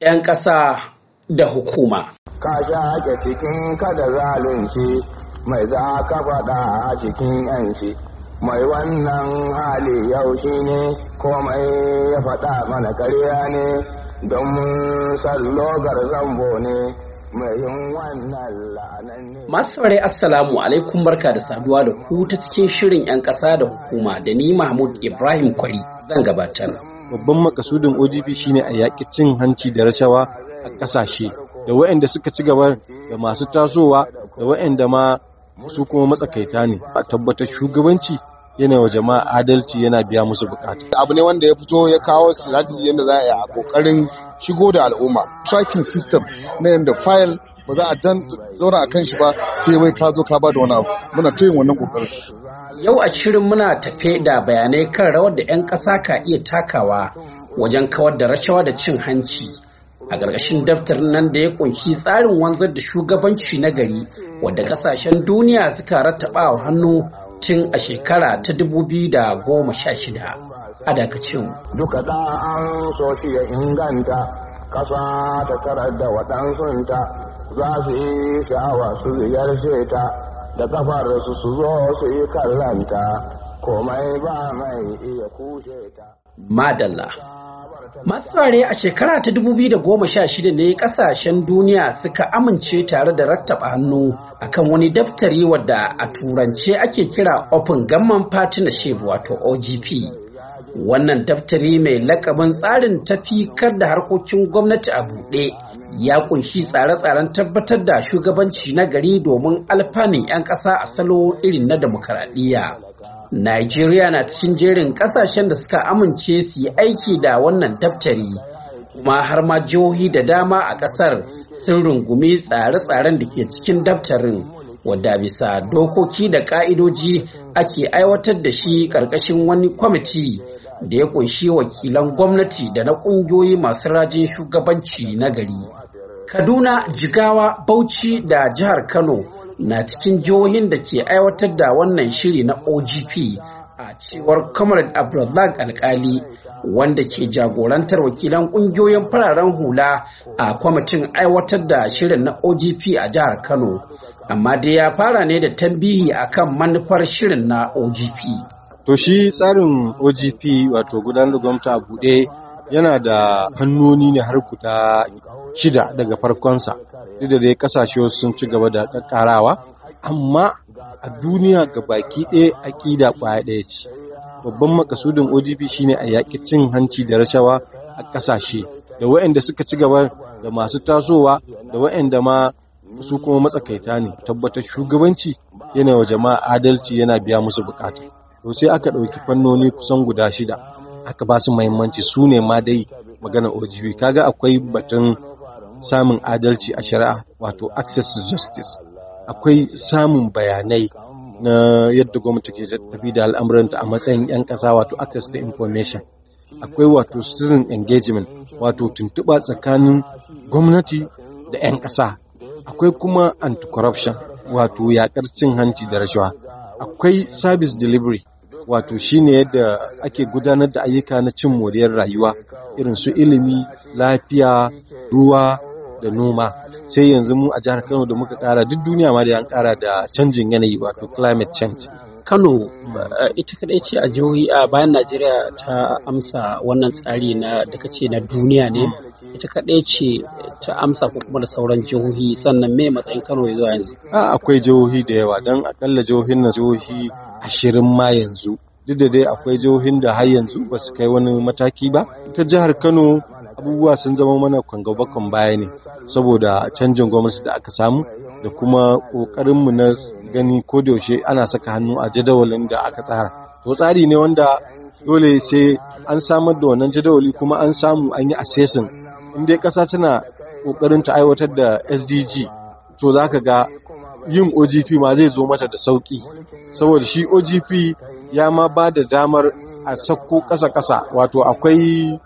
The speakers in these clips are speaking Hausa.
'yan ƙasa da hukuma. Ka ake cikin kada zalunci mai za ka faɗa a cikin 'yanci mai wannan hali yau shi ne komai ya faɗa mana karya ne don mun sallogar zambo ne. Masu Assalamu alaikum barka da saduwa da ku ta cikin shirin 'yan ƙasa da hukuma da ni Mahmud Ibrahim Kwari zan gabatar. babban makasudin OGP shine a yaƙi cin hanci da rashawa a ƙasashe da waɗanda suka ci gaba da masu tasowa da waɗanda ma su kuma matsakaita ne a tabbatar shugabanci yana wa jama'a adalci yana biya musu bukata. Abu ne wanda ya fito ya kawo strategy yadda za a yi a kokarin shigo da al'umma. Tracking system na yadda file ba za a zauna a kan shi ba sai wai ka zo ka ba da wani abu. Muna ta wannan kokarin. Yau a shirin muna tafe da bayanai kan rawar da 'yan ƙasa ka iya takawa wajen kawar da rashawa da cin hanci. A ƙarƙashin daftarin nan da ya ƙunshi tsarin wanzar da shugabanci na gari wadda ƙasashen duniya suka rattaba a hannu tun a shekara ta 2016. A dakacin. Duka da an so shi ya inganta ƙasa ta karar da waɗansunta za su yi sha'awa su ziyarce ta. da da su zo su yi kallanta komai ba mai iya kushe ta. Madalla Masu tsare a shekara ta 2016 ne kasashen duniya suka amince tare da rattaba hannu akan wani daftari wadda a turance ake kira Open Gamman Partnership wato OGP. wannan daftari mai lakabin tsarin tafikar da harkokin gwamnati a buɗe ya kunshi tsare-tsaren tabbatar da shugabanci na gari domin alfanin 'yan ƙasa a salo irin na demokaradiyya. Najeriya na cikin jerin ƙasashen da suka amince su yi aiki da wannan daftari kuma har ma jihohi da dama a ƙasar sun rungumi tsare-tsaren da ke cikin daftarin wadda bisa dokoki da ka'idoji ake aiwatar da shi karkashin wani kwamiti da ya kunshi wakilan gwamnati da na kungiyoyi masu rajin shugabanci na gari kaduna jigawa bauchi da jihar kano na cikin jihohin da ke aiwatar da wannan shiri na ogp a cewar comrade abdullahi alkali wanda ke jagorantar wakilan kungiyoyin fararen hula a kwamitin aiwatar da shirin na ogp a jihar kano amma dai ya fara ne da tambihi kan manufar shirin na OGP. To shi tsarin OGP wato gudanar da gwamnati a buɗe yana da hannuni ne har guda shida daga farkonsa duk da dai kasashe sun ci gaba da kakkarawa amma a duniya ga baki ɗaya aƙida ƙwaya ɗaya ce babban makasudin ogp shine a yaƙi cin hanci da rashawa a ƙasashe da waɗanda suka ci gaba da masu tasowa da waɗanda ma su kuma matsakaita ne tabbatar shugabanci yana wa jama'a adalci yana biya musu bukata to sai aka ɗauki fannoni kusan guda shida aka ba su muhimmanci su ne ma dai magana OGP kaga akwai batun samun adalci a shari'a wato access to justice akwai samun bayanai na yadda gwamnati ke tafi da al'amuranta a matsayin 'yan ƙasa wato access to information akwai wato citizen engagement wato tuntuɓa tsakanin gwamnati da 'yan ƙasa akwai kuma anti-corruption wato yakar cin hanci da rashawa akwai service delivery wato shine yadda ake gudanar da ayyuka na cin moriyar rayuwa irin su ilimi lafiya ruwa da noma sai yanzu mu a jihar kano da muka kara duk duniya ma da an kara da canjin yanayi wato climate change kano eh, ita kaɗai ce a jihohi a bayan najeriya ta amsa wannan tsari na da ce na duniya ne ita kaɗai ce ta amsa ko kuma da sauran jihohi sannan me matsayin Kano ya zuwa yanzu? A akwai jihohi da yawa don akalla jihohin na jihohi ashirin ma yanzu. Duk da dai akwai jihohin da har yanzu ba su kai wani mataki ba. Ta jihar Kano abubuwa sun zama mana bakon baya ne saboda canjin gwamnati da aka samu da kuma ƙoƙarinmu na gani ko da yaushe ana saka hannu a jadawalin da aka tsara. To tsari ne wanda dole sai an samar da wannan jadawali kuma an samu an yi assessing in dai ƙasa tana ƙoƙarin ta aiwatar da sdg to za ka ga yin ogp ma zai zo mata da sauƙi saboda shi ogp ya ma ba da damar a sakko kasa ƙasa wato akwai eh,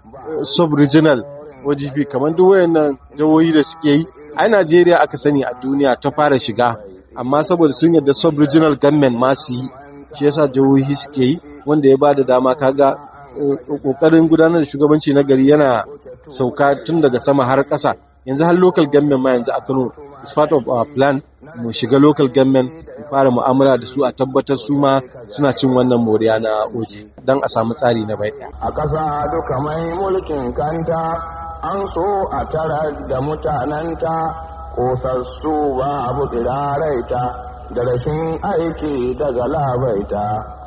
sub-regional ogp kamar duk wayannan jawoyi da suke yi ai najeriya aka sani a duniya ta fara shiga amma saboda sun yadda sub-regional government ma su yi shi yasa jihohi suke yi wanda ya ba da dama kaga kokarin gudanar da shugabanci na gari yana sauka tun daga sama har ƙasa yanzu har local government ma yanzu a Kano is part of our plan mu shiga local government mu fara mu'amala da su a tabbatar su ma suna cin wannan moriya na oji don a samu tsari na bai a ƙasa duka mai mulkin kanta an so a tara da mutananta kosassu ba abu tsiraraita da rashin aiki daga labaita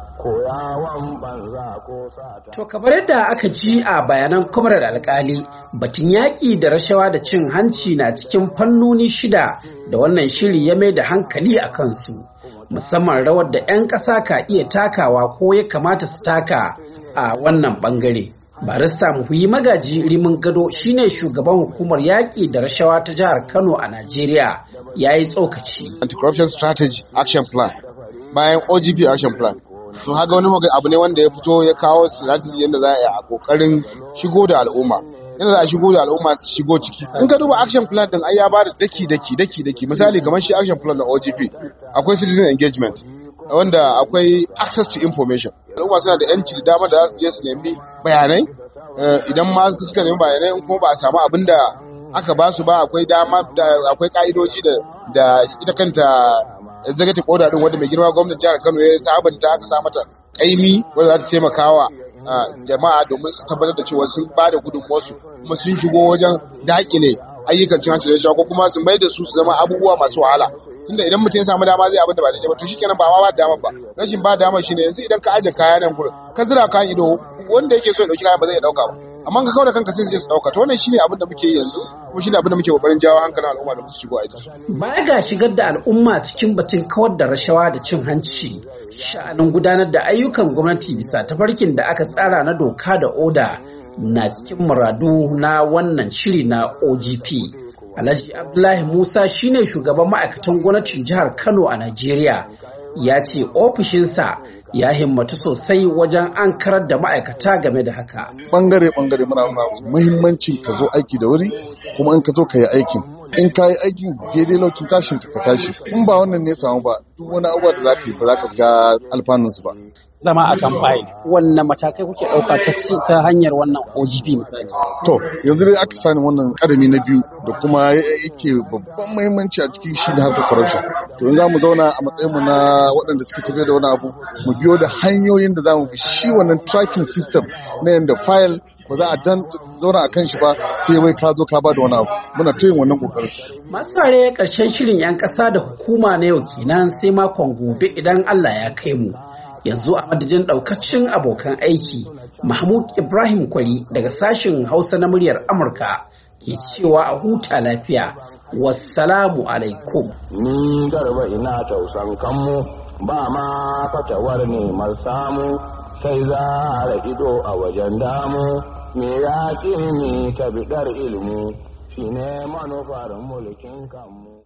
To kamar yadda aka ji a bayanan kumarar alkali batun yaƙi da rashawa da cin hanci na cikin fannoni shida da wannan shiri ya mai da hankali a kansu musamman rawar da 'yan ƙasa ka iya takawa ko ya kamata su taka a wannan ɓangare. barista muhuyi magaji rimin gado shine shugaban hukumar yaƙi da rashawa ta jihar kano a najeriya ya yi tsokaci anti-corruption strategy action plan bayan ogp action plan so haga wani abu ne wanda ya fito ya kawo strategy yadda za a yi a kokarin shigo da al'umma yadda za a shigo da al'umma su shigo ciki in ka duba action plan din ai ya da daki daki daki daki misali kamar shi action plan na OGP akwai citizen engagement wanda akwai access to information al'umma suna da yanci da dama da za su je su nemi bayanai eh, idan ma suka nemi bayanai in kuma ba a samu abin da aka ba su ba akwai dama akwai ka'idoji da ita kanta zagatin koda din wanda mai girma gwamnatin jihar Kano ya sabanta aka sa mata kaimi wanda za ta taimaka wa jama'a domin su tabbatar da cewa sun ba da gudunmuwarsu kuma sun shigo wajen dakile ayyukan cin hanci da shawo ko kuma sun bai da su su zama abubuwa masu wahala tunda idan mutum ya samu dama zai abin da ba zai ba to shikenan ba ma ba dama ba rashin ba dama shine yanzu idan ka aje kaya nan gurin ka zira kayan ido wanda yake so ya dauki kayan ba zai dauka ba amma ka kawai da kanka sai su je dauka to wannan shine abin da muke yi yanzu kuma shine abin da muke kokarin jawo hankalin al'umma da su shigo a ita baya ga shigar da al'umma cikin batun kawar da rashawa da cin hanci sha'anin gudanar da ayyukan gwamnati bisa tafarkin da aka tsara na doka da oda na cikin muradu na wannan shiri na OGP Alhaji Abdullahi Musa shine shugaban ma'aikatan gwamnatin jihar Kano a Najeriya ya ce ofishinsa ya himmatu sosai wajen an karar da ma'aikata game da haka. Bangare-bangare muna muhimmancin ka zo aiki da wuri kuma in ka zo ka yi aikin. in ka yi aikin daidai lokacin tashin ka tashi in ba wannan ne samu ba duk wani abubuwa da za ka yi ba za ka ga alfanunsu ba zama a kamfani wannan matakai kuke ɗauka ta hanyar wannan OGP misali. To yanzu dai aka sani wannan karami na biyu da kuma yake babban muhimmanci a cikin shi da harkar corruption. To yanzu za mu zauna a matsayin mu na waɗanda suke tafiya da wani abu mu biyo da hanyoyin da za mu bi shi wannan tracking system na yanda file ba za a dan zauna a kan shi ba sai wai ka zo ka ba da wani abu muna ta yin wannan kokarin masu fare karshen shirin yan kasa da hukuma na yau kenan sai makon gobe idan Allah ya kai mu yanzu a madadin daukacin abokan aiki Mahmud Ibrahim Kwari daga sashen Hausa na muryar Amurka ke cewa a huta lafiya wassalamu alaikum ni garba ina tausan kanmu ba ma fatawar neman samu sai za a ido a wajen damu me ya ƙi ni ta biɗar ilimi shi ne manufar mulkin kanmu